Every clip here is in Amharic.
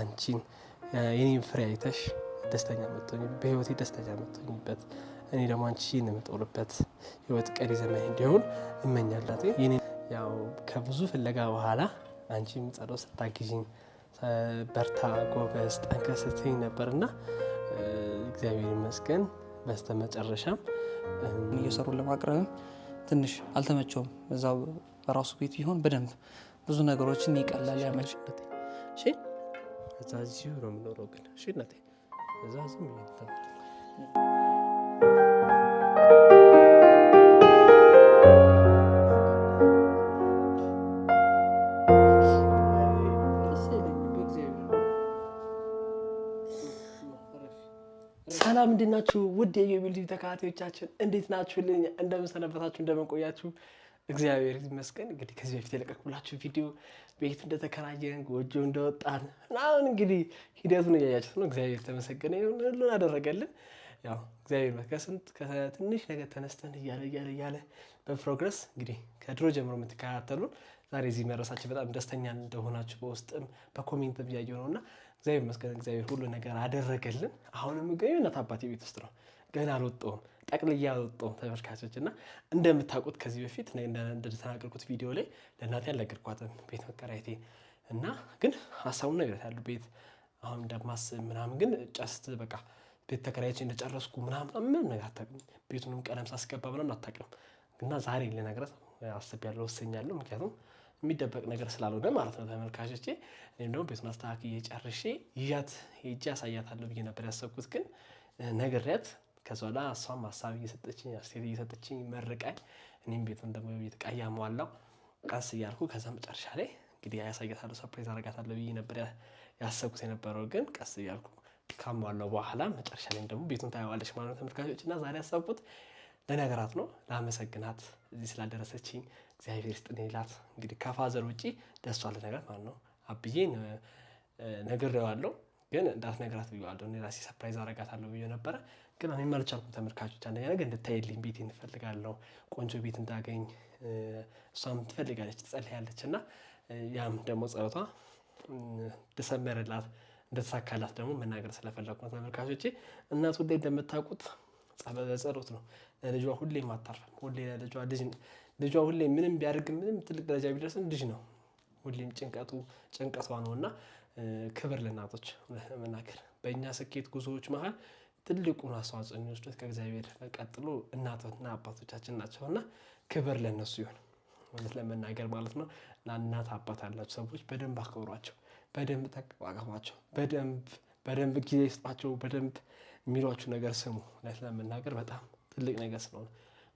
አንቺን የኔን ፍሬ አይተሽ ደስተኛ መቶኝ በህይወቴ ደስተኛ መቶኝበት እኔ ደግሞ አንቺ የምጦርበት ህይወት ቀሪ ዘመን እንዲሆን እመኛላት። ያው ከብዙ ፍለጋ በኋላ አንቺም ጸሎት ስታግዥኝ በርታ፣ ጎበዝ፣ ጠንከር ስትይኝ ነበርና እግዚአብሔር ይመስገን። በስተ መጨረሻም እየሰሩ ለማቅረብም ትንሽ አልተመቸውም። እዛው በራሱ ቤት ቢሆን በደንብ ብዙ ነገሮችን ይቀላል ያመችበት እዛ እዚሁ ነው የምኖረው። ግን እሺ እናቴ እዛ ዝም ሰላም እንዴት ናችሁ? ውድ የዩቢልዲ ተከታታዮቻችን እንዴት ናችሁልኝ? እንደምን ሰነበታችሁ? እንደምን ቆያችሁ? እግዚአብሔር ይመስገን እንግዲህ ከዚህ በፊት የለቀቅኩላችሁ ቪዲዮ ቤት እንደተከራየን ጎጆ እንደወጣን ምናምን እንግዲህ ሂደቱን እያያችሁት ነው። እግዚአብሔር ተመሰገነ ሁሉን አደረገልን። ያው እግዚአብሔር ይመስገን ከትንሽ ነገር ተነስተን እያለ እያለ እያለ በፕሮግረስ እንግዲህ ከድሮ ጀምሮ የምትከታተሉን ዛሬ እዚህ መድረሳችን በጣም ደስተኛ እንደሆናችሁ በውስጥም በኮሜንትም እያየሁ ነው እና እግዚአብሔር ይመስገን እግዚአብሔር ሁሉ ነገር አደረገልን። አሁንም ገኙነት አባቴ ቤት ውስጥ ነው፣ ገና አልወጣሁም ጠቅልያ ወጣው ተመልካቾች እና እንደምታውቁት ከዚህ በፊት እንደተናገርኩት ቪዲዮ ላይ ለእናቴ አልነገርኳትም ቤት መከራየቴ እና ግን ሀሳቡን ነግሬያታለሁ። ቤት አሁን እንደማስብ ምናምን ግን ጨስት በቃ ቤት ተከራይቼ እንደጨረስኩ ምናምን ምንም ነገር አታውቅም። ቤቱንም ቀለም ሳስገባ ምናምን አታውቅም። እና ዛሬ ልነግራት አስቤያለሁ፣ ወስኛለሁ። ምክንያቱም የሚደበቅ ነገር ስላልሆነ ማለት ነው ተመልካቾቼ። እኔም ደግሞ ቤቱን አስተካክዬ ጨርሼ ይዣት ሄጄ አሳያታለሁ ብዬ ነበር ያሰብኩት ግን ነግሬያት ከዛ በኋላ እሷም ሀሳብ እየሰጠችኝ አስቴት እየሰጠችኝ መርቃኝ እኔም ቤቱን ደግሞ ቤት ቀያመዋለው ቀስ እያልኩ ከዛ መጨረሻ ላይ እንግዲህ ያሳያታለሁ ሰርፕራይዝ አረጋታለሁ ብዬ ነበር ያሰብኩት የነበረው ግን ቀስ እያልኩ ካሟለው በኋላ መጨረሻ ላይም ደግሞ ቤቱን ታየዋለች ማለት ነው ተመልካቾች እና ዛሬ ያሰብኩት ለነገራት ነው ላመሰግናት እዚህ ስላደረሰችኝ እግዚአብሔር ስጥ ሌላት እንግዲህ ከፋዘር ውጪ ደሷ ለነገር ማለት ነው አብዬን ነግሬዋለሁ ግን እንዳትነግራት ብዬዋለሁ። እኔ ራሴ ሰፕራይዝ አረጋታለሁ ብዬ ነበረ፣ ግን እኔም አልቻልኩም። ተመልካቾች አንደኛ ነገር እንድታይልኝ ቤት እንፈልጋለሁ፣ ቆንጆ ቤት እንዳገኝ እሷም ትፈልጋለች፣ ትጸልያለች እና ያም ደግሞ ጸሎቷ እንደሰመረላት እንደተሳካላት ደግሞ መናገር ስለፈለግኩ ነው። ተመልካቾቼ እናት ሁሌ እንደምታውቁት ጸሎት ነው። ለልጇ ሁሌ አታርፍም። ሁሌ ለልጇ ልጅ ልጇ ሁሌ ምንም ቢያደርግ ምንም ትልቅ ደረጃ ቢደርስም ልጅ ነው። ሁሌም ጭንቀቱ ጭንቀቷ ነው እና ክብር ለእናቶች መናገር በእኛ ስኬት ጉዞዎች መሀል ትልቁን አስተዋጽኦ የሚወስዱት ከእግዚአብሔር ቀጥሎ እናቶና አባቶቻችን ናቸው እና ክብር ለእነሱ ይሆን ማለት ለመናገር ማለት ነው። እና እናት አባት ያላቸው ሰዎች በደንብ አክብሯቸው፣ በደንብ ተቀባቀቧቸው፣ በደንብ በደንብ ጊዜ ስጧቸው፣ በደንብ የሚሏችሁ ነገር ስሙ። እውነት ለመናገር በጣም ትልቅ ነገር ስለሆነ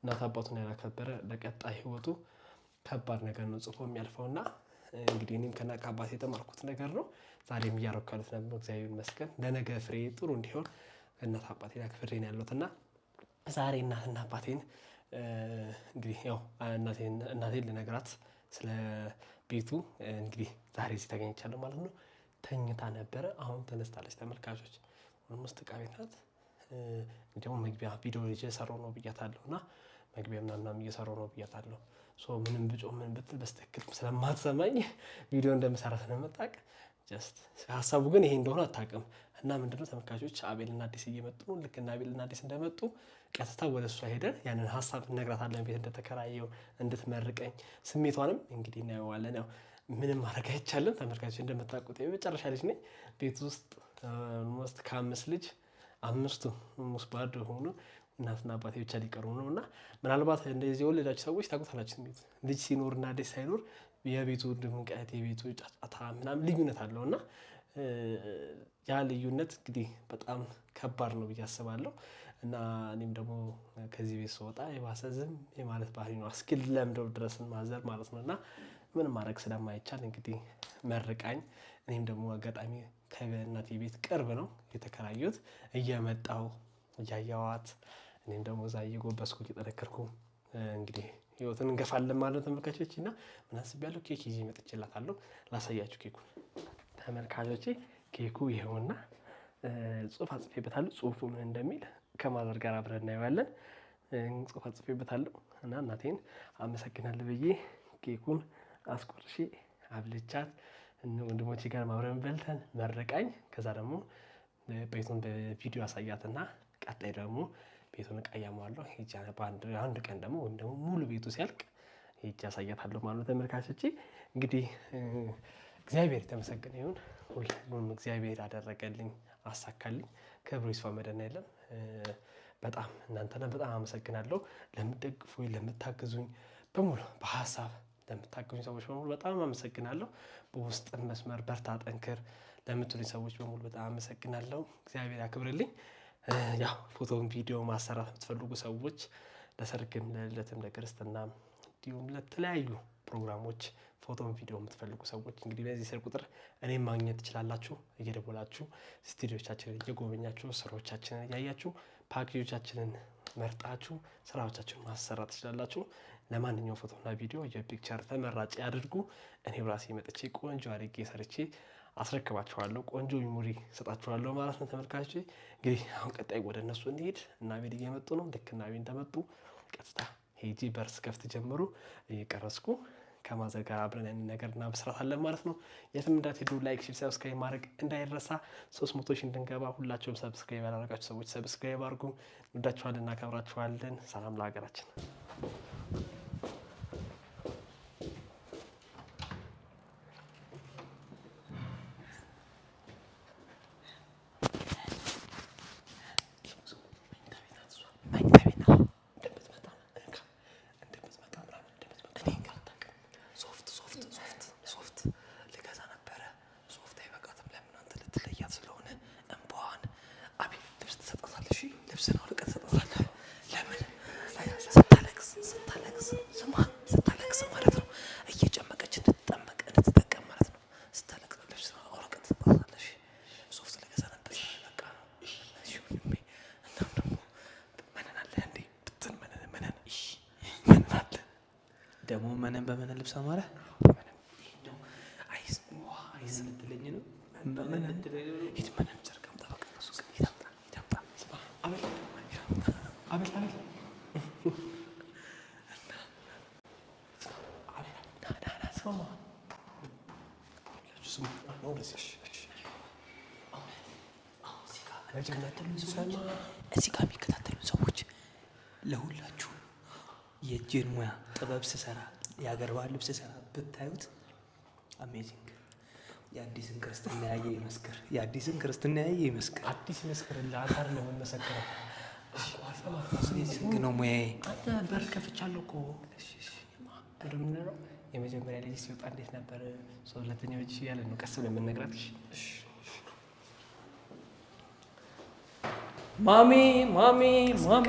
እናት አባቱን ያላከበረ ለቀጣይ ህይወቱ ከባድ ነገር ነው ጽፎ የሚያልፈውና እንግዲህ እኔም ከና አባት የተማርኩት ነገር ነው። ዛሬም እያረኩ ያሉት ነገር ነው። እግዚአብሔር ይመስገን ለነገ ፍሬ ጥሩ እንዲሆን እናት አባቴ ክፍሬ ነው ያለሁት እና ዛሬ እናትና አባቴን እንግዲህ ያው እናቴን ልነግራት ስለ ቤቱ እንግዲህ ዛሬ እዚህ ተገኝቻለሁ ማለት ነው። ተኝታ ነበረ፣ አሁን ተነስታለች። ተመልካቾች ኦልሞስት ዕቃ ቤት ናት። እንዲሁም መግቢያ ቪዲዮ ልጅ የሰራው ነው ብያታለሁ እና መግቢያ ምናምናም እየሰራው ነው ብያታለሁ። ምንም ብጮ ምን ብትል በስተክል ስለማትሰማኝ ቪዲዮ እንደምሰራ ስለመጣቅ ጀስት ሀሳቡ ግን ይሄ እንደሆነ አታውቅም። እና ምንድነው ተመልካቾች አቤልና አዲስ እየመጡ ነው። ልክ እና አቤልና አዲስ እንደመጡ ቀጥታ ወደ እሷ ሄደን ያንን ሀሳብ እነግራታለን። ቤት እንደተከራየው እንድትመርቀኝ ስሜቷንም እንግዲህ እናየዋለን። ያው ምንም ማድረግ አይቻልም። ተመልካቾች እንደምታውቁት የመጨረሻ ልጅ ነኝ። ቤት ውስጥ ስ ከአምስት ልጅ አምስቱ ሙስ ባዶ ሆኑ እናትና አባቴ ብቻ ሊቀሩ ነው እና ምናልባት እንደዚህ የወለዳችሁ ሰዎች ታውቁታላችሁ። ቤት ልጅ ሲኖርና ደስ ሳይኖር የቤቱ ድምቀት የቤቱ ጫጫታ ምናምን ልዩነት አለው እና ያ ልዩነት እንግዲህ በጣም ከባድ ነው ብዬ አስባለሁ እና እኔም ደግሞ ከዚህ ቤት ስወጣ የባሰ ዝም የማለት ባህሪ ነው እስክለምደው ድረስን ማዘር ማለት ነው እና ምን ማድረግ ስለማይቻል እንግዲህ መርቃኝ እኔም ደግሞ አጋጣሚ ከእናቴ ቤት ቅርብ ነው የተከራዩት እየመጣው እያየዋት እኔም ደግሞ እዛ እየጎበስኩ እየጠነከርኩ እንግዲህ ህይወትን እንገፋለን ማለት ተመልካቾች። እና ምን አስቤያለሁ? ኬክ ይዤ መጥቼላታለሁ። ላሳያችሁ ኬኩ ተመልካቾች፣ ኬኩ ይኸውና ጽሁፍ አጽፌበታለሁ። ጽሁፉ ምን እንደሚል ከማዘር ጋር አብረን እናየዋለን። ጽሁፍ አጽፌበታለሁ እና እናቴን አመሰግናለሁ ብዬ ኬኩን አስቆርሼ አብልቻት ወንድሞቼ ጋር ማብረን በልተን መረቃኝ። ከዛ ደግሞ ቤቱን በቪዲዮ አሳያትና ቀጣይ ደግሞ ቤቱን እቃ እያሟለሁ ሄጄ በአንድ ቀን ደግሞ ወይም ደግሞ ሙሉ ቤቱ ሲያልቅ ሄጄ አሳያታለሁ ማለት ነው። ተመልካቾቼ እንግዲህ እግዚአብሔር የተመሰገነ ይሁን። ሁሉም እግዚአብሔር አደረገልኝ፣ አሳካልኝ። ክብሩ ይስፋ መድኃኔዓለም። በጣም እናንተና በጣም አመሰግናለሁ ለምትደግፉኝ፣ ለምታግዙኝ በሙሉ በሀሳብ ለምታገኙ ሰዎች በሙሉ በጣም አመሰግናለሁ። በውስጥ መስመር በርታ ጠንክር ለምትሉኝ ሰዎች በሙሉ በጣም አመሰግናለሁ። እግዚአብሔር ያክብርልኝ። ያው ፎቶን ቪዲዮ ማሰራት የምትፈልጉ ሰዎች ለሰርግም፣ ለልደትም፣ ለክርስትና እንዲሁም ለተለያዩ ፕሮግራሞች ፎቶን ቪዲዮ የምትፈልጉ ሰዎች እንግዲህ በዚህ ስልክ ቁጥር እኔም ማግኘት ትችላላችሁ። እየደወላችሁ ስቱዲዮቻችንን እየጎበኛችሁ ስራዎቻችንን እያያችሁ ፓኬጆቻችንን መርጣችሁ ስራዎቻችሁን ማሰራት ትችላላችሁ። ለማንኛውም ፎቶና ቪዲዮ የፒክቸር ተመራጭ ያድርጉ። እኔ ብራሴ መጥቼ ቆንጆ አድርጌ ሰርቼ አስረክባችኋለሁ። ቆንጆ ሚሞሪ ሰጣችኋለሁ ማለት ነው ተመልካቾች። እንግዲህ አሁን ቀጣይ ወደ እነሱ እንሄድ እና ቤድ እየመጡ ነው። ልክ እና ቤድ ተመጡ ቀጥታ ሄጂ በርስ ከፍት ጀምሩ እየቀረስኩ ከማዘር ጋር አብረን ያንን ነገር እና መስራት አለን ማለት ነው። የትም እንዳትሄዱ ላይክ፣ ሼር፣ ሰብስክራይብ ማድረግ እንዳይረሳ። ሶስት መቶ ሺህ እንድንገባ ሁላቸውም ሰብስክራይብ ያላረጋችሁ ሰዎች ሰብስክራይብ አድርጉ። እንወዳችኋለን፣ እናከብራችኋለን። ሰላም ለሀገራችን። ሰማረ እዚህ ጋር የሚከታተሉን ሰዎች ለሁላችሁ የእጄን ሙያ ጥበብ ስሰራ የሀገር ባህል ልብስ ሰራ ብታዩት አሜዚንግ። የአዲስን ክርስትና ያየ ይመስክር፣ የአዲስን ክርስትና ያየ ይመስክር። አዲስ ይመስክር፣ ለአካር ነው መሰከረ አሜዚንግ ነው ሙያ አንተ በር ከፍቻለሁ እኮ በር የመጀመሪያ ልጅ ሲወጣ እንዴት ነበር? ሰው ሁለተኛ ልጅ እያለ ነው ቀስ ብለን የምንነግራት። ማሚ ማሚ ማሚ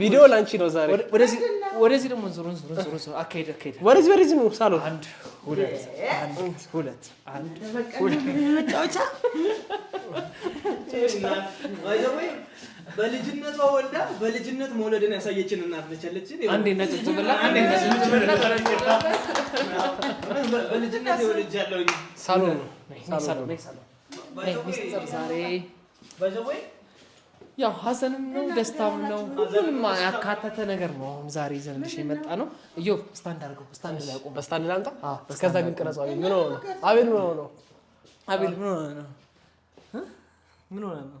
ቪዲዮ ላንቺ ነው ዛሬ። ወደዚህ ደግሞ ዙሩን ዙሩን ዙሩን ዙሩን አካሄድ አካሄድ ወደዚህ ወደዚህ ነው ሳሎን አንድ ሁለት አንድ ሁለት አንድ ሁለት በልጅነቷ ወልዳ በልጅነት መውለድን ያሳየችን እናት ነች ያለችን። አንዴ ነጭት ትብላ አንዴ ነጭት ትብላ። በልጅነት የወልጅ ያለው ሳሎን ነው። ሚስጥር ዛሬ ያው ሀዘንም ነው ደስታም ነው ሁሉንም ያካተተ ነገር ነው። አሁን ዛሬ ይዘንልሽ የመጣ ነው። እዮ ስታንድ አድርገው ስታንድ ላይ ቁም። በስታንድ ላምጣ። እስከዛ ግን ቅረጹ። አቤል ምን ሆነ ነው? አቤል ምን ሆነ ነው? አቤል ምን ሆነ ነው? ምን ሆነ ነው?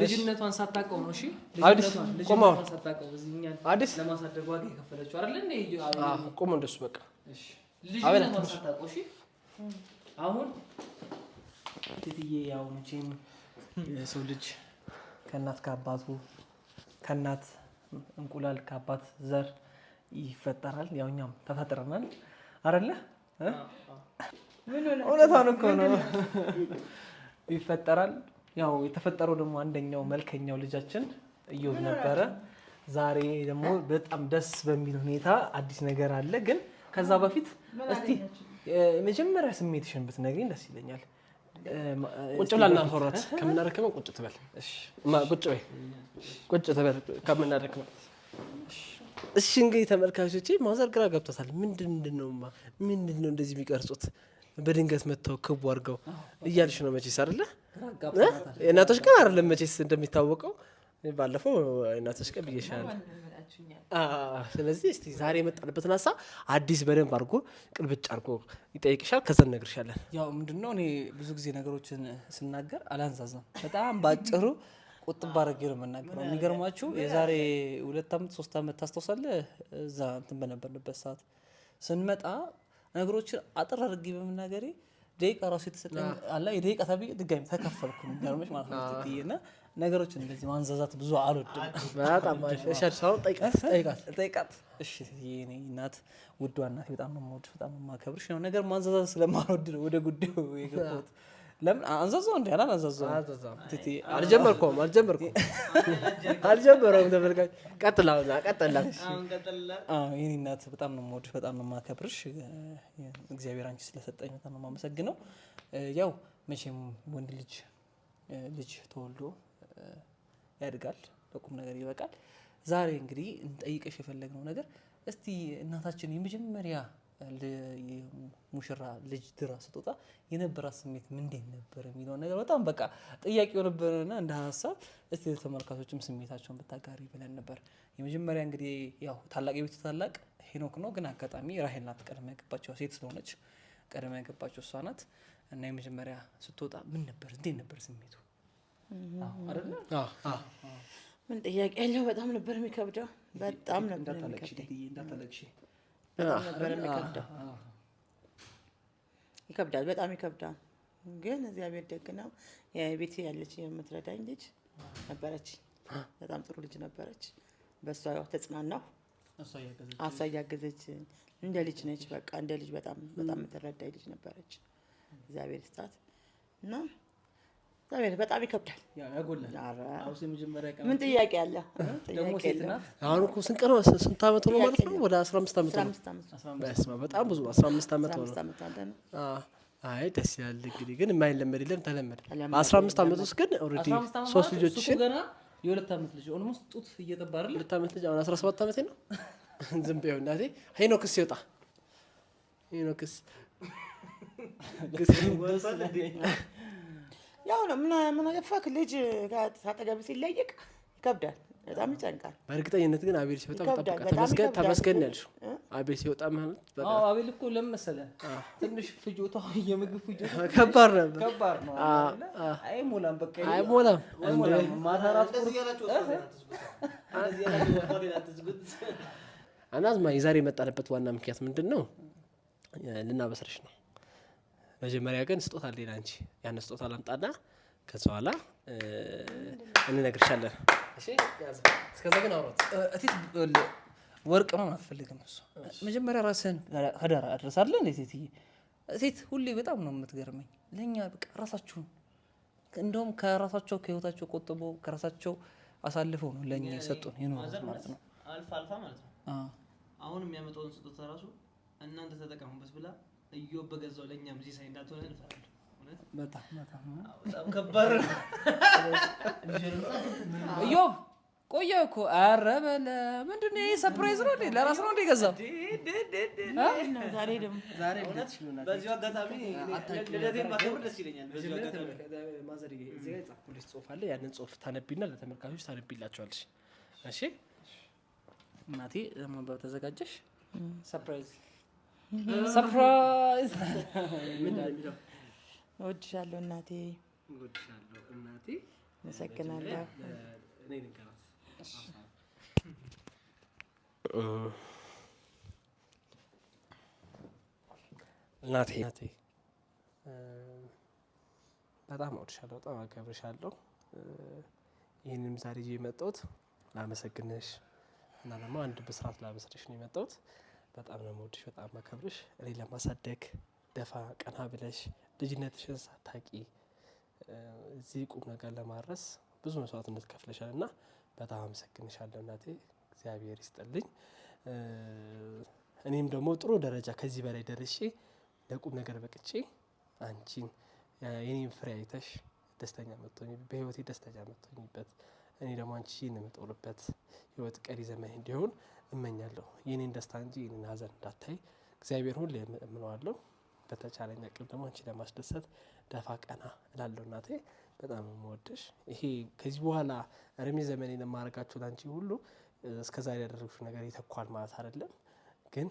ልጅነቷን ሳታውቀው ነው። እሺ ልጅነቷን ሳታውቀው እዚህኛን አዲስ ለማሳደግ ዋጋ የከፈለችው አይደል? ቁም እንደሱ በቃ ልጅነቷን ሳታውቀው። እሺ አሁን ትትዬ ያው መቼም የሰው ልጅ ከእናት ከአባቱ ከእናት እንቁላል ከአባት ዘር ይፈጠራል። ያው እኛም ተፈጥረናል አይደለ? እውነቷን እኮ ነው። ይፈጠራል። ያው የተፈጠረው ደግሞ አንደኛው መልከኛው ልጃችን እዮብ ነበረ። ዛሬ ደግሞ በጣም ደስ በሚል ሁኔታ አዲስ ነገር አለ። ግን ከዛ በፊት እስቲ የመጀመሪያ ስሜትሽን ብትነግሪኝ ደስ ይለኛል። ቁጭ ብላ እናወራት ከምናረክበው ቁጭ ትበል ቁጭ በይ ቁጭ ትበል ከምናረክበው እሺ እንግዲህ ተመልካቾቼ ማዘር ግራ ገብቶታል። ምንድን ነው ምንድን ነው እንደዚህ የሚቀርጹት በድንገት መጥተው ክቡ አድርገው እያልሽ ነው መቼስ አይደለ? እናቶች ቀን አይደለም መቼስ እንደሚታወቀው ባለፈው እናቶች ቀን ብዬሻለሁ። ስለዚህ እስቲ ዛሬ የመጣንበትን ሀሳብ አዲስ በደንብ አድርጎ ቅልብጭ አድርጎ ይጠይቅሻል። ከዛ እነግርሻለን። ያው ምንድነው እኔ ብዙ ጊዜ ነገሮችን ስናገር አላንዛዛም። በጣም በአጭሩ ቁጥብ አድርጌ ነው የምናገረው። የሚገርማችሁ የዛሬ ሁለት ዓመት ሶስት ዓመት ታስታውሳለህ? እዛ እንትን በነበርንበት ሰዓት ስንመጣ ነገሮችን አጥር አድርጌ በመናገሬ ደቂቃ ራሱ የተሰጠኝ አለ የደቂቃ ተብዬ ድጋሚ ተከፈልኩ ገርመሽ ማለት ነው እና ነገሮችን እንደዚህ ማንዛዛት ብዙ አልወድም። ጠይቃት እሺ፣ የእኔ እናት ውድ እናቴ፣ በጣም የምወድሽ በጣም የማከብርሽ፣ ነገር ማንዛዛት ስለማልወድ ነው ወደ ጉዳዩ የገባሁት ለምን አንዛዛው እንዲ ያላል አልጀመርኩም አልጀመርኩም ተመልካች ቀጥላ። በጣም ነው የምወድሽ፣ በጣም ነው የማከብርሽ። እግዚአብሔር አንቺ ስለሰጠኝ በጣም ነው የማመሰግነው። ያው መቼም ወንድ ልጅ ልጅ ተወልዶ ያድጋል፣ ለቁም ነገር ይበቃል። ዛሬ እንግዲህ እንጠይቀሽ የፈለግነው ነገር እስቲ እናታችን የመጀመሪያ ሙሽራ ልጅ ድራ ስትወጣ የነበራት ስሜት ምንዴት ነበር የሚለውን ነገር በጣም በቃ ጥያቄ ነበርና እንደ ሀሳብ እስቲ ተመልካቾችም ስሜታቸውን ብታጋሪ ብለን ነበር። የመጀመሪያ እንግዲህ ያው ታላቅ የቤቱ ታላቅ ሄኖክ ነው፣ ግን አጋጣሚ ራሄል ናት ቀድማ ያገባቸው ሴት ስለሆነች ቀድማ ያገባቸው እሷ ናት እና የመጀመሪያ ስትወጣ ምን ነበር እንዴት ነበር ስሜቱ? ምን ጥያቄ ያለው በጣም ነበር የሚከብደው፣ በጣም ነበር የሚከብደው በጣም ነበር የሚከብደው። ይከብዳል፣ በጣም ይከብዳል። ግን እግዚአብሔር ደግ ነው። የቤት ያለች የምትረዳኝ ልጅ ነበረች። በጣም ጥሩ ልጅ ነበረች። በእሷ ተጽናናሁ። አሷ እያገዘች እንደ ልጅ ነች። በቃ እንደ ልጅ በጣም በጣም የምትረዳኝ ልጅ ነበረች። እግዚአብሔር ስጣት እና እግዚአብሔር በጣም ይከብዳል። ምን ጥያቄ አለ? አሁን እኮ ስንቀር ስንት ዓመት ነው ማለት ነው? ወደ አስራ አምስት ዓመት ሆኖ በጣም ብዙ አስራ አምስት ዓመት ነው። አይ ደስ ይላል። እንግዲህ ግን የማይለመድ የለም ተለመደ። አስራ አምስት ዓመት ውስጥ ግን ኦልሬዲ ሶስት ልጆች የሁለት ዓመት ልጅ ኦልሞስት ጡት እየጠባ አይደል? ሁለት ዓመት ልጅ አሁን አስራ ሰባት ዓመቴ ነው። ዝም በይው እናቴ። ሄኖክስ ይወጣ ሄኖክስ ያው ነው ምን አገፋክ ልጅ ታጠገብ ሲለይቅ ይከብዳል፣ በጣም ይጨንቃል። በእርግጠኝነት ግን አቤል ሲወጣ በጣም ተመስገን ያልሽው አቤል ሲወጣ ማለት አቤል እኮ ለምን መሰለህ ትንሽ ፍጆታ የምግብ ፍጆታ ከባድ ነበር፣ ከባድ ነው። አይሞላም፣ በቃ አይሞላም። ማታ እራት የዛሬ የመጣንበት ዋና ምክንያት ምንድን ነው? ልናበስርሽ ነው መጀመሪያ ግን ስጦታ ሌላ አንቺ ያን ስጦታ ላምጣና ከዛ በኋላ እንነግርሻለን። እስከዛ ግን አውራት እቴት ወርቅም አትፈልግም። እሱ መጀመሪያ ራስህን ከዳር አድረሳለን። እቴትዬ እቴት ሁሌ በጣም ነው የምትገርመኝ። ለእኛ በቃ ራሳችሁን እንደውም ከራሳቸው ከህይወታቸው ቆጥቦ ከራሳቸው አሳልፈው ነው ለእኛ የሰጡን ይኖራል ማለት ነው። አልፋ አልፋ ማለት ነው አሁን የሚያመጣውን ስጦታ ራሱ እናንተ ተጠቀሙበት ብላ እዮብ በገዛው ለእኛም ሲሳይ እንዳትሆነ እንፈራለን። በጣም ከባድ ነው። እዮብ ቆየ እኮ ኧረ በለ ምንድን ነው ይሄ? ሰፕራይዝ ነው እንዴ? ለራስ ነው እንዴ ገዛው በዚሁ አጋጣሚ ልደቴን ማክበር የጻፍኩልሽ ጽሑፍ አለ። ያንን ጽሁፍ ታነቢና ለተመልካቾች ታነቢላቸዋለሽ። እሺ እናቴ ለማንበብ ተዘጋጀሽ? ሰፕራይዝ ሰፕራይዝ እወድሻለሁ እናቴ አመሰግናለሁ። እናቴ በጣም እወድሻለሁ፣ በጣም አከብርሻለሁ። ይህንም ዛሬ ይዤ የመጣሁት ላመሰግንሽ እና ደግሞ አንድ ብስራት ላበስርሽ ነው የመጣሁት። በጣም ነው የምወድሽ፣ በጣም ማከብርሽ። እኔ ለማሳደግ ደፋ ቀና ብለሽ ልጅነትሽን ሳታቂ እዚህ ቁም ነገር ለማድረስ ብዙ መስዋዕትነት ከፍለሻል እና በጣም አመሰግንሻለሁ እናቴ፣ እግዚአብሔር ይስጥልኝ። እኔም ደግሞ ጥሩ ደረጃ ከዚህ በላይ ደርሼ ለቁም ነገር በቅቼ አንቺን የኔም ፍሬ አይተሽ ደስተኛ መቶኝ በህይወቴ ደስተኛ መቶኝበት እኔ ደግሞ አንቺ የምጦርበት ህይወት ቀሪ ዘመን እንዲሆን እመኛለሁ። የኔን ደስታ እንጂ የኔን ሀዘን እንዳታይ እግዚአብሔር ሁሌ እምነዋለሁ። በተቻለኝ አቅም ደግሞ አንቺ ለማስደሰት ደፋ ቀና እላለሁ። እናቴ በጣም የምወድሽ። ይሄ ከዚህ በኋላ እድሜ ዘመን የማደርጋቸው ለአንቺ ሁሉ እስከዛሬ ያደረግሽው ነገር ይተኳል ማለት አይደለም፣ ግን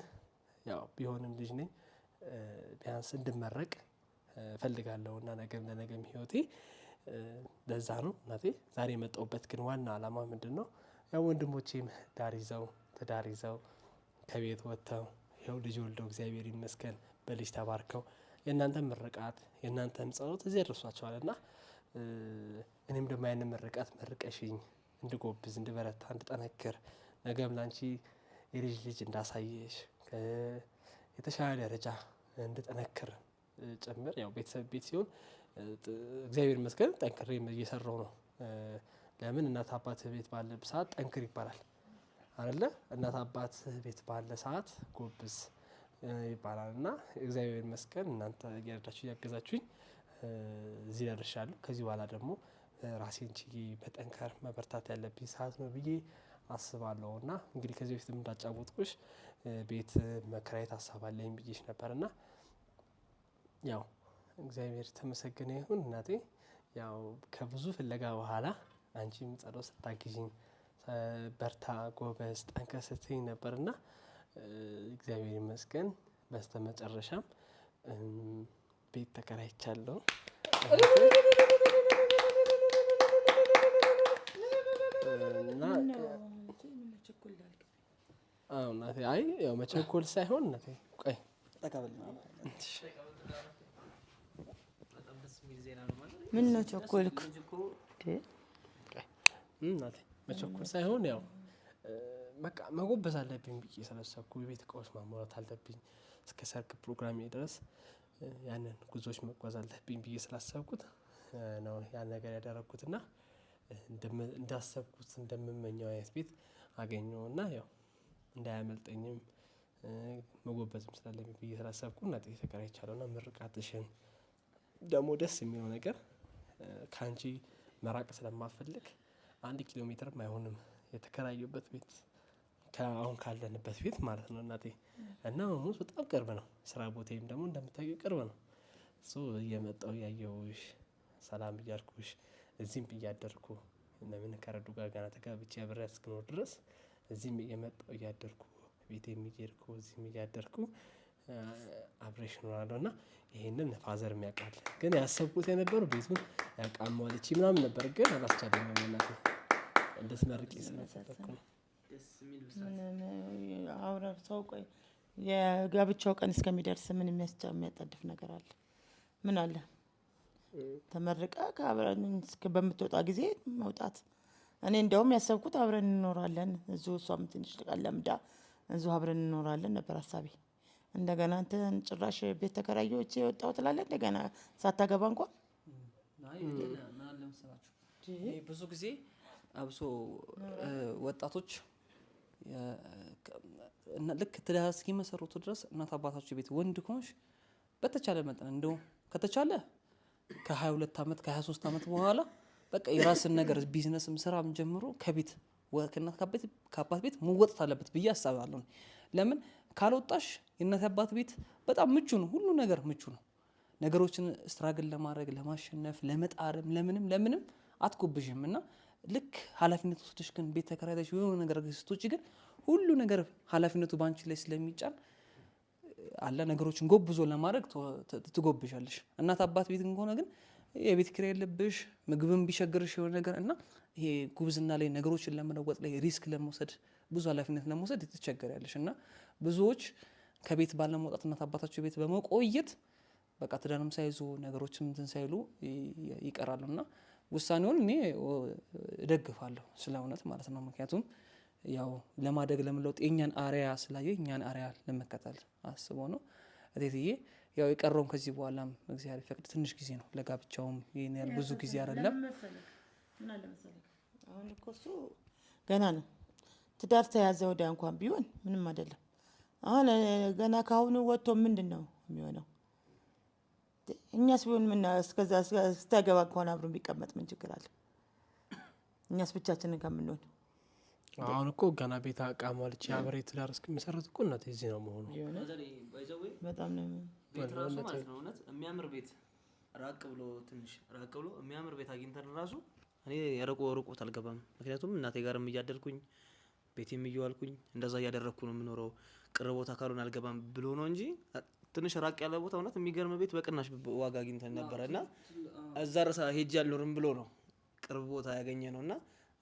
ያው ቢሆንም ልጅ ነኝ ቢያንስ እንድመረቅ ፈልጋለሁ እና ነገም ለነገም ህይወቴ ለዛ ነው እናቴ ዛሬ የመጣሁበት። ግን ዋና አላማ ምንድን ነው? ያው ወንድሞቼም ዳር ይዘው ትዳር ይዘው ከቤት ወጥተው ይኸው ልጅ ወልደው እግዚአብሔር ይመስገን በልጅ ተባርከው የእናንተ ምርቃት የእናንተም ጸሎት እዚህ ያደርሷቸዋል እና እኔም ደግሞ ያንን ምርቃት መርቀሽኝ እንድጎብዝ፣ እንድበረታ፣ እንድጠነክር ነገም ላንቺ የልጅ ልጅ እንዳሳየሽ የተሻለ ደረጃ እንድጠነክር ጭምር ያው ቤተሰብ ቤት ሲሆን እግዚአብሔር ይመስገን ጠንክሬ እየሰራው ነው። ለምን እናት አባት ቤት ባለ ሰዓት ጠንክር ይባላል አይደለ? እናት አባት ቤት ባለ ሰዓት ጎብዝ ይባላል እና እግዚአብሔር ይመስገን እናንተ እያረዳችሁ እያገዛችሁኝ እዚህ ደርሻለሁ። ከዚህ በኋላ ደግሞ ራሴን ችዬ መጠንከር መበርታት ያለብኝ ሰዓት ነው ብዬ አስባለሁ። እና እንግዲህ ከዚህ በፊት እንዳጫወትኩሽ ቤት መከራየት ሀሳብ አለኝ ብዬሽ ነበር እና ያው እግዚአብሔር ተመሰገነ ይሁን እናቴ። ያው ከብዙ ፍለጋ በኋላ አንቺም ጸሎ ስታግዥኝ በርታ፣ ጎበዝ፣ ጠንከ ነበር ና እግዚአብሔር ይመስገን። በስተ መጨረሻም ቤት ተከራይቻለሁ። አይ ያው መቸኮል ሳይሆን እናቴ ቆይ ነው ምን ነው ቸኮልክ? መቸኮል ሳይሆን ያው በቃ መጎበዝ አለብኝ ብዬ ሰበሰብኩ። የቤት እቃዎች ማሟላት አለብኝ እስከ ሰርግ ፕሮግራሜ ድረስ ያንን ጉዞዎች መጓዝ አለብኝ ብዬ ስላሰብኩት ነው ያን ነገር ያደረግኩት እና እንዳሰብኩት እንደምመኘው አይነት ቤት አገኘውና ያው እንዳያመልጠኝም መጎበዝም ስላለብኝ ብዬ ስላሰብኩ እናጤ ተከራይቻለሁ እና ምርቃትሽን ደግሞ ደስ የሚለው ነገር ከአንቺ መራቅ ስለማልፈልግ አንድ ኪሎ ሜትርም አይሆንም የተከራዩበት ቤት አሁን ካለንበት ቤት ማለት ነው እናቴ እና መሙት በጣም ቅርብ ነው። ስራ ቦታዬም ደግሞ እንደምታውቂው ቅርብ ነው። እሱ እየመጣው ያየውሽ ሰላም እያልኩሽ እዚህም እያደርኩ ለምን ከረዱ ጋር ገና ተጋብቼ አብሬያት እስክኖር ድረስ እዚህም እየመጣው እያደርኩ ቤት የሚሄድኩ እዚህም እያደርኩ አብሬሽ እኖራለሁ እና ይሄንን ፋዘር የሚያውቃል። ግን ያሰብኩት የነበረው ቤቱን እቃ ሟልቼ ምናምን ነበር፣ ግን አላስቻለኝም። እናት እንድትመርቂ ስለፈለኩ ነው። አብረን ሰው ቆይ የጋብቻው ቀን እስከሚደርስ ምን የሚያጣድፍ ነገር አለ? ምን አለ? ተመርቀ ከአብረን በምትወጣ ጊዜ መውጣት። እኔ እንደውም ያሰብኩት አብረን እንኖራለን እዚሁ እሷም ትንሽ ልቃለምዳ እዚሁ አብረን እንኖራለን ነበር ሀሳቤ። እንደገና እንትን ጭራሽ ቤት ውጭ የወጣው ትላለህ። እንደገና ሳታገባ እንኳን ብዙ ጊዜ አብሶ ወጣቶች ልክ ትዳር እስኪመሰረቱ ድረስ እናት አባታቸው ቤት ወንድ ከሆንሽ በተቻለ መጠን እንደው ከተቻለ ከ22 ዓመት ከ23 ዓመት በኋላ በቃ የራስን ነገር ቢዝነስም ስራም ጀምሮ ከቤት ከእናት ከአባት ቤት መወጣት አለበት ብዬ አስባለሁ። ለምን ካልወጣሽ የእናት አባት ቤት በጣም ምቹ ነው፣ ሁሉ ነገር ምቹ ነው። ነገሮችን ስትራግል ለማድረግ ለማሸነፍ፣ ለመጣርም፣ ለምንም ለምንም አትጎብዥም እና ልክ ኃላፊነት ወስደሽ ግን ቤት ተከራይተሽ የሆነ ነገር ስትወጪ ግን ሁሉ ነገር ኃላፊነቱ በአንቺ ላይ ስለሚጫን አለ ነገሮችን ጎብዞ ለማድረግ ትጎብዣለሽ። እናት አባት ቤት ከሆነ ግን የቤት ኪራይ የለብሽ፣ ምግብም ቢቸግርሽ የሆነ ነገር እና ይሄ ጉብዝና ላይ ነገሮችን ለመለወጥ ላይ ሪስክ ለመውሰድ ብዙ ኃላፊነት ለመውሰድ ትቸገሪያለሽ እና ብዙዎች ከቤት ባለመውጣት እናት አባታቸው ቤት በመቆየት በቃ ትዳንም ሳይዙ ነገሮች እንትን ሳይሉ ይቀራሉ እና ውሳኔውን እኔ እደግፋለሁ ስለ እውነት ማለት ነው። ምክንያቱም ያው ለማደግ ለምለውጥ የእኛን አሪያ ስላየ እኛን አሪያ ለመከተል አስቦ ነው እቴትዬ ያው የቀረውም ከዚህ በኋላም እግዚአብሔር ፈቅድ ትንሽ ጊዜ ነው ለጋብቻውም ይህን ያህል ብዙ ጊዜ አይደለም። አሁን እኮ እሱ ገና ነው ትዳር ተያዘ ወዲያ እንኳን ቢሆን ምንም አይደለም። አሁን ገና ካሁኑ ወጥቶ ምንድን ነው የሚሆነው? እኛስ ቢሆን ምን እስከዛ ስታገባ ከሆነ አብሮ ቢቀመጥ ምን ችግር አለ? እኛስ ብቻችንን ከምንሆን አሁን እኮ ገና ቤት አቃማልች አብሬ ትዳር እስክመሰረት እኮ እናት እዚህ ነው መሆኑ በጣም ነው ቤት ራሱ ማለት ነው እውነት የሚያምር ቤት ራቅ ብሎ ትንሽ ራቅ ብሎ የሚያምር ቤት አግኝተን ራሱ እኔ የረቆ ርቆት አልገባም። ምክንያቱም እናቴ ጋርም እያደርኩኝ ቤት እየዋልኩኝ እንደዛ እያደረግኩ ነው የምኖረው። ቅርብ ቦታ ካልሆን አልገባም ብሎ ነው እንጂ ትንሽ ራቅ ያለ ቦታ እውነት የሚገርም ቤት በቅናሽ ዋጋ አግኝተን ነበረ እና እዛ ረሳ ሄጅ ያልኖርም ብሎ ነው ቅርብ ቦታ ያገኘ ነው እና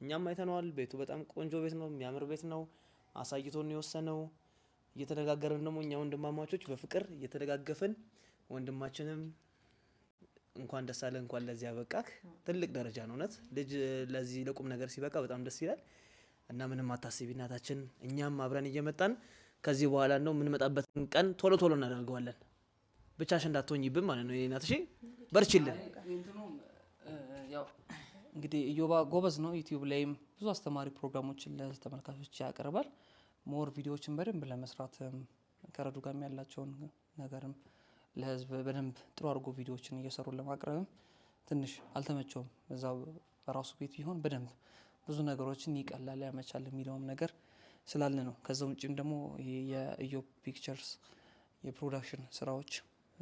እኛም አይተነዋል። ቤቱ በጣም ቆንጆ ቤት ነው፣ የሚያምር ቤት ነው። አሳይቶን የወሰነው እየተነጋገርን ደግሞ እኛ ወንድማማቾች በፍቅር እየተነጋገፍን ወንድማችንም እንኳን ደስ አለ እንኳን ለዚህ ያበቃክ ትልቅ ደረጃ ነው። እውነት ልጅ ለዚህ ለቁም ነገር ሲበቃ በጣም ደስ ይላል እና ምንም አታስቢ እናታችን፣ እኛም አብረን እየመጣን ከዚህ በኋላ ነው የምንመጣበትን ቀን ቶሎ ቶሎ እናደርገዋለን። ብቻሽ እንዳትሆኝብን ማለት ነው። ናት በርችልን። እንግዲህ እዮባ ጎበዝ ነው። ዩቲዩብ ላይም ብዙ አስተማሪ ፕሮግራሞችን ለተመልካቾች ያቀርባል። ሞር ቪዲዮዎችን በደንብ ለመስራትም ከረዱ ጋርም ያላቸውን ነገርም ለህዝብ በደንብ ጥሩ አድርጎ ቪዲዮዎችን እየሰሩ ለማቅረብም ትንሽ አልተመቸውም። እዛው በራሱ ቤት ቢሆን በደንብ ብዙ ነገሮችን ይቀላል ያመቻል የሚለውም ነገር ስላለ ነው። ከዛ ውጭም ደግሞ የኢዮ ፒክቸርስ የፕሮዳክሽን ስራዎች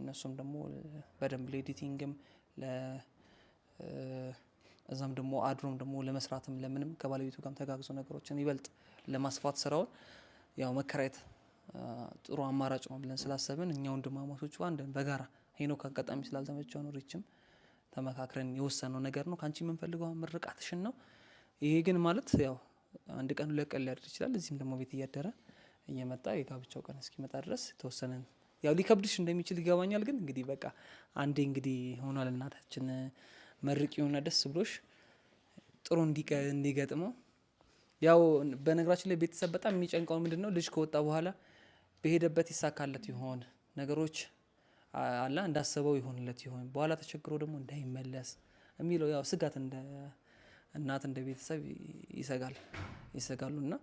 እነሱም ደግሞ በደንብ ለኤዲቲንግም እዛም ደግሞ አድሮም ደግሞ ለመስራትም ለምንም ከባለቤቱ ጋርም ተጋግዞ ነገሮችን ይበልጥ ለማስፋት ስራውን ያው መከራየት ጥሩ አማራጭ ነው ብለን ስላሰብን እኛ ወንድማማቾቹ አንድ በጋራ ሄኖክ አጋጣሚ ስላልተመቸው ነው ሪችም ተመካክረን የወሰነው ነገር ነው። ከአንቺ የምንፈልገው ምርቃትሽን ነው። ይሄ ግን ማለት ያው አንድ ቀን ለቀን ቀን ሊያድር ይችላል። እዚህም ደግሞ ቤት እያደረ እየመጣ የጋብቻው ቀን እስኪመጣ ድረስ የተወሰነን ያው ሊከብድሽ እንደሚችል ይገባኛል። ግን እንግዲህ በቃ አንዴ እንግዲህ ሆኗል እናታችን መርቂውና ደስ ብሎሽ ጥሩ እንዲገጥመው። ያው በነገራችን ላይ ቤተሰብ በጣም የሚጨንቀው ምንድን ነው ልጅ ከወጣ በኋላ በሄደበት ይሳካለት ይሆን ነገሮች አላ እንዳሰበው ይሆንለት ይሆን በኋላ ተቸግሮ ደግሞ እንዳይመለስ የሚለው ያው ስጋት እንደ እናት እንደ ቤተሰብ ይሰጋል ይሰጋሉ እና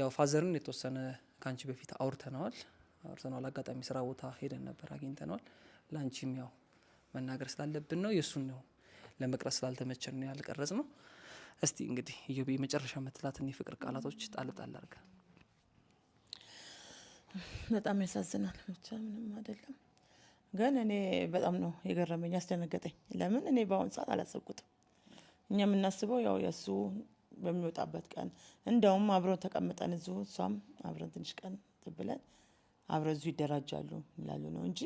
ያው ፋዘርን የተወሰነ ከአንቺ በፊት አውርተነዋል አውርተነዋል አጋጣሚ ስራ ቦታ ሄደን ነበር አግኝተነዋል። ለአንቺም ያው መናገር ስላለብን ነው የእሱን ነው ለመቅረጽ ስላልተመቸን ነው ያልቀረጽ ነው። እስቲ እንግዲህ መጨረሻ የመጨረሻ ምትላትን የፍቅር ቃላቶች ጣል ጣል በጣም ያሳዝናል። ብቻ ምንም አይደለም፣ ግን እኔ በጣም ነው የገረመኝ ያስደነገጠኝ። ለምን እኔ በአሁን ሰዓት አላሰብኩትም። እኛ የምናስበው ያው የእሱ በሚወጣበት ቀን እንደውም አብረን ተቀምጠን እዙ እሷም አብረን ትንሽ ቀን ትብለን አብረ እዙ ይደራጃሉ ይላሉ ነው እንጂ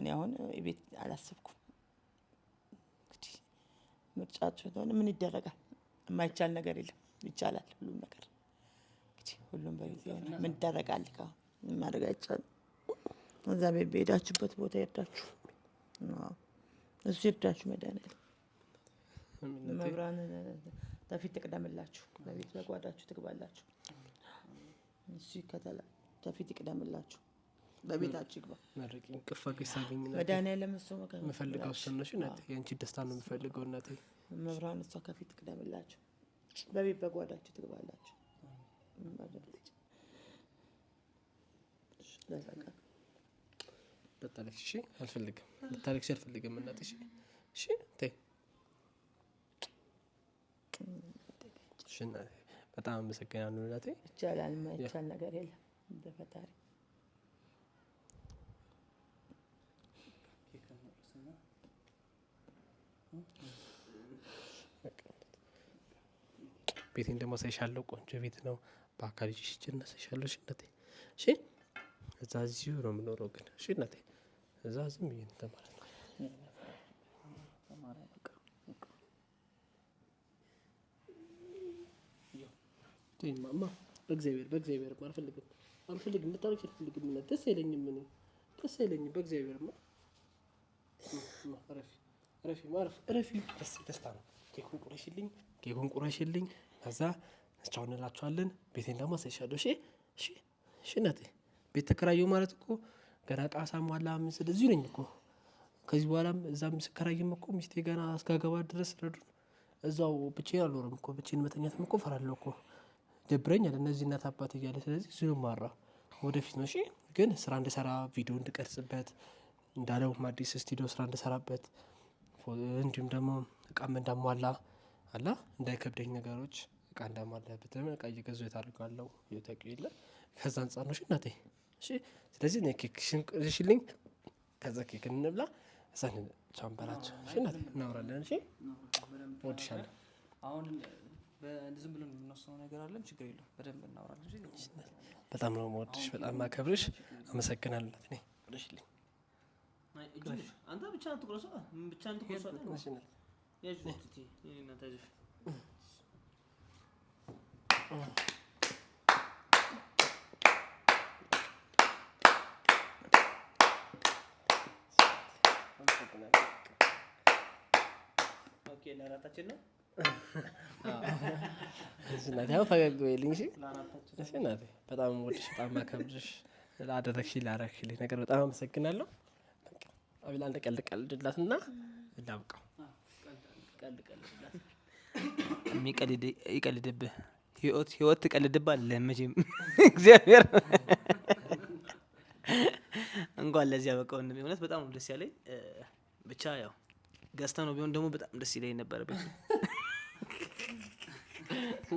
እኔ አሁን ቤት አላሰብኩም። ምርጫቸው ከሆነ ምን ይደረጋል? የማይቻል ነገር የለም፣ ይቻላል። ሁሉም ነገር ሁሉም በጊዜ ሆነ ምን ይደረጋል? ማድረግ አይቻልም። እዛ ቤት በሄዳችሁበት ቦታ ይርዳችሁ፣ እሱ ይርዳችሁ። መድኃኒዓለም መብራን ተፊት ትቅደምላችሁ፣ በቤት በጓዳችሁ ትግባላችሁ። እሱ ይከተላል፣ ተፊት ይቅደምላችሁ። በቤታችሁ ይግባ። መርቂኝ ቅፍ አድርገሽ መድኃኒዓለም እሱ እናቴ። ደስታ ነው የምፈልገው እናቴ። መብራን እሷ ከፊት ትቅደምላችሁ፣ በቤት በጓዳችሁ ትግባላችሁ። በታለቅሽ እሺ፣ አልፈልግም። በታለቅሽ አልፈልግም እናቴ። እሺ፣ እሺ፣ ተይ በጣም አመሰግናለሁ እናቴ። ይቻላል፣ የማይቻል ነገር የለም ቤቴን ደግሞ ሳይሻለው ቆንጆ ቤት ነው። በአካል ጅ ሽች እናሳይሻለሁ። ሽነቴ እሺ፣ እዛ እዚሁ ነው የምኖረው ግን ሽነቴ እዛ ዝም ብዬ ተማረ ማማ በእግዚአብሔር በእግዚአብሔር አልፈልግም አልፈልግም ልታረግ አልፈልግም። እና ደስ አይለኝም፣ ምን ደስ አይለኝም። በእግዚአብሔር ማ ረፊ ረፊ ማረፍ ረፊ ደስ ደስታ ነው። ኬኩን ቁረሽልኝ፣ ኬኩን ቁረሽልኝ። ከዛ ቻው እንላቸዋለን። ቤቴን ደግሞ አሳይሻለሁ። እሺ፣ እሺ፣ ሺ ሺ ሺ እናቴ ቤት ተከራየሁ ማለት እኮ ገና ዕቃ ሳሟላ ምን ስል እዚሁ ነኝ እኮ ከዚህ በኋላም እዛ ስከራይም እኮ ሚስቴ ገና እስካገባ ድረስ ረዱ እዛው ብቻዬን አልኖርም እኮ ብቻዬን መተኛትም እኮ እፈራለሁ እኮ ደብረኛል። እነዚህ እናት አባት እያለ ስለዚህ እዚሁ ነው የማወራው ወደፊት ነው። እሺ ግን ስራ እንድሰራ ቪዲዮ እንድቀርጽበት እንዳለው አዲስ ስቱዲዮ ስራ እንድሰራበት እንዲሁም ደግሞ እቃም እንዳሟላ አላ እንዳይከብደኝ ነገሮች እቃ እንዳማለበት እቃ እየገዙ የታደርጋለሁ እየተቅ የለ ከዛ አንጻር ነው እናቴ። እሺ ስለዚህ እኔ ኬክ ሽልኝ፣ ከዛ ኬክ እንብላ፣ እዛ ቻምበራቸው እናቴ እናውራለን። እሺ እወድሻለሁ። አሁን ዝም ብሎ የምንወስነው ነገር አለም፣ ችግር የለም። በደንብ እናወራለን። በጣም ነው የምወድሽ፣ በጣም ማከብርሽ። አመሰግናለሁ እናቴ። እኔ ወደሽልኝ። አንተ ብቻ ትቁረሷ ብቻ ትቁረሷ Jedź do Titi, nie ለአራታችን ነው። እናቴ ፈገግ በይልኝ። እሺ እናቴ በጣም ወድሽ፣ በጣም ማከብድሽ፣ ለአደረግሽ ላረግሽልኝ ነገር በጣም አመሰግናለሁ። አቤል አንድ ቀልድ ቀልድላት እና ላብቃው ይቀልድብህ ህይወት ህይወት ትቀልድብህ። መቼም እግዚአብሔር እንኳን ለዚህ ያበቃው እውነት በጣም ደስ ያለኝ ብቻ ያው ገዝተ ነው ቢሆን ደግሞ በጣም ደስ ይለኝ ነበረ።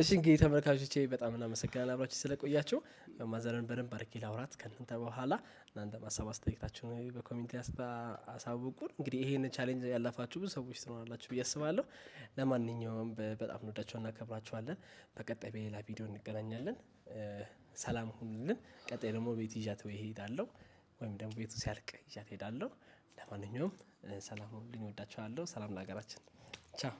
እሺ እንግዲህ ተመልካቾቼ በጣም እናመሰግናል አብራችሁ ስለቆያቸው። ማዘረን በደንብ አድርጌ ላውራት ከእናንተ በኋላ እናንተ ማሳብ አስተያየታችሁን በኮሚኒቲ አሳውቁን። እንግዲህ ይህን ቻሌንጅ ያላፋችሁ ብዙ ሰዎች ትኖራላችሁ ብዬ አስባለሁ። ለማንኛውም በጣም እንወዳቸው እናከብራችኋለን። በቀጣይ በሌላ ቪዲዮ እንገናኛለን። ሰላም ሁንልን ቀጣይ ደግሞ ቤት ይዣት ወይ እሄዳለሁ ወይም ደግሞ ቤቱ ሲያልቅ ይዣት ሄዳለሁ ለማንኛውም ሰላም ሁንልን ይወዳቸዋለሁ ሰላም ለሀገራችን። 是。